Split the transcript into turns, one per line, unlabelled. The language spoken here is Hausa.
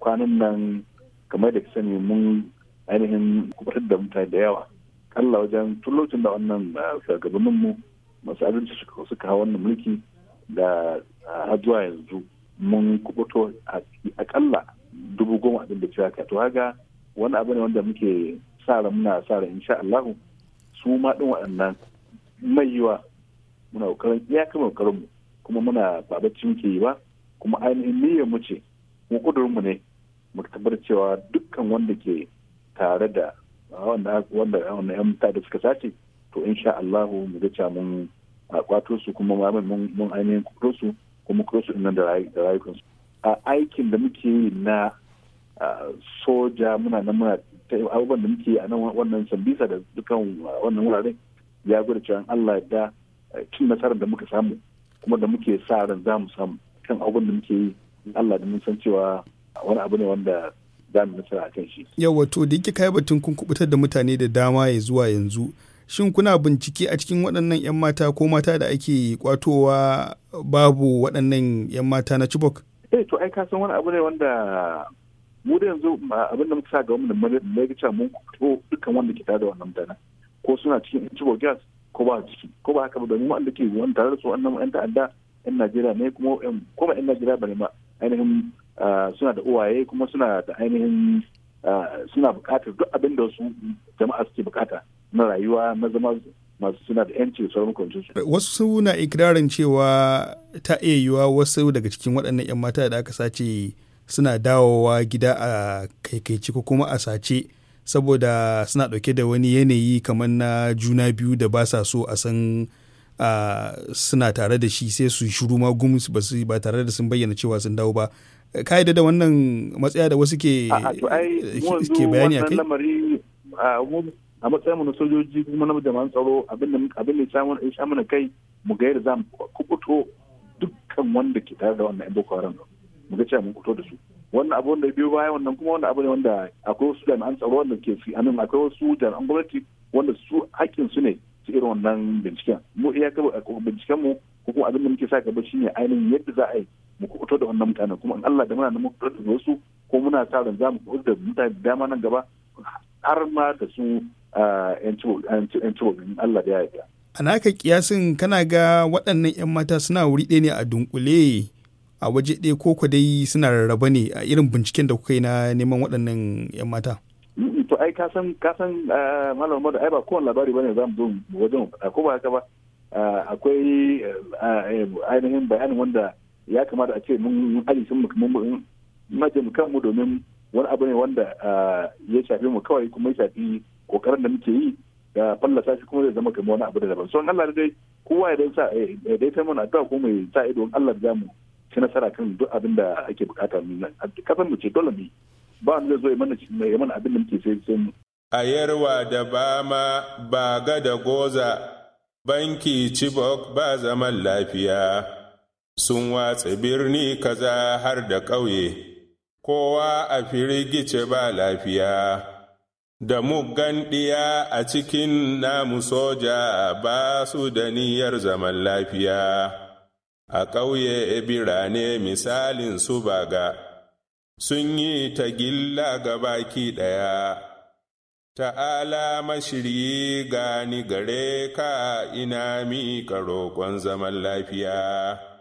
kwanan nan kamar da sani mun ainihin kubar da mutane da yawa kalla wajen tulocin da wannan ah, mu masu abinci suka hawa wannan mulki da ah, har yanzu mun kubuto kalla dubu goma abin da cewa to haka wani abu ne wanda muke sa ran muna sa ran insha Allah su ma din waɗannan mai yiwa muna kokarin iyakar kokarin mu kuma muna babacin ke yi ba kuma ainihin niyyar mu ce mu kudurinmu ne mu tabbatar cewa dukkan wanda ke tare da ah, wanda wanda ya mutu da suka sace to insha Allah mu ga cewa mun ah, kwato su kuma mun mun ainihin kuro su kuma kuro su nan da rayukan su a aikin da muke yi na ah, soja muna nan muna abubuwan da muke yi a nan wannan sambisa da dukkan wannan wurare ya gwada cewa Allah da eh, cin nasarar da muka samu kuma da muke sa ran za mu samu kan abubuwan da muke yi in Allah da mun san cewa wani abu ne wanda za mu nasara a kan shi.
Yawwa to da yake kai batun kun kubutar da mutane da dama ya zuwa yanzu shin kuna bincike a cikin waɗannan 'yan mata ko mata da ake kwatowa babu waɗannan 'yan mata na Chibok?
Eh to ai ka san wani abu ne wanda mu da yanzu abin da muka sa ga mu da magicin mun kubuto dukkan wanda ke tare da wannan mutane ko suna cikin Chibok gas ko ba ciki ko ba haka ba domin wanda ke wani tare da su wannan 'yan ta'adda 'yan Najeriya ne kuma 'yan Najeriya ba ne ba ainihin ah, suna da uwaye kuma suna da ainihin ah, suna bukatar duk abin da wasu jama'a suke bukata na rayuwa na zama masu suna da yanci sauran kwancinsu.
Wasu suna ikirarin cewa ta iya yiwuwa wasu daga cikin waɗannan 'yan mata da aka sace suna dawowa gida a kaikaici ko kuma a sace saboda suna ɗauke da wani yanayi kamar na juna biyu da ba sa so a san suna tare da shi sai su shiru ma gumus ba su ba tare da sun bayyana cewa sun dawo ba ka da wannan matsaya da wasu ke ke bayani a kai
a matsayin na sojoji kuma na jama'an tsaro abin da ya sha mana kai mu ga yadda za mu kubuto dukkan wanda ke tare da wannan boko haram mu ga cewa mun kubuto da su wannan abu wanda biyo baya wannan kuma wannan abu ne wanda akwai wasu jami'an tsaro wanda ke fi anan akwai wasu jami'an gwamnati wanda su hakkin su ne wannan binciken mu iya ka binciken mu ko kuma abin da muke sa gaba shine ainihin yadda za a yi mu kuɓuto da wannan mutanen kuma in Allah da muna da da wasu ko muna sa ran za mu kuɓuto da mutane da dama nan gaba har ma da su yan ciwo in Allah da ya yi
A naka kiyasin kana ga waɗannan 'yan mata suna wuri ɗaya ne a dunkule a waje ɗaya ko dai suna rarraba ne a irin binciken da kuka yi na neman waɗannan 'yan mata?
to ai kasan kasan ah, malam da ai ba kowane labari bane za mu zo wajen faɗa ko ba haka ba ah, akwai ah, eh, ainihin bayanin wanda ya kamata a ce mun aji sun mun maje mu kanmu domin wani abu ne wanda ya shafi mu kawai kuma ya shafi kokarin da muke yi da fallasa shi kuma zai zama kamar wani abu da daban so Allah dai kowa ya dai sa eh, dai sai mun addu'a ko mai sa ido Allah ya mu ci nasara kan duk abin da ake bukata mun kasan mu ce dole ne. ba wanda zai zo ya mana ya mana abin da muke sai sai mu
a yarwa da bama ba ga da goza banki cibok ba zaman lafiya sun watsa birni kaza har da ƙauye kowa a firigice ba lafiya da muggan ɗiya a cikin namu soja ba su da niyyar zaman lafiya, a ƙauye birane misalin su baga, sun yi ta gilla ga baki ɗaya, ta'ala mashiryi gani gare ka ina miƙa roƙon zaman lafiya.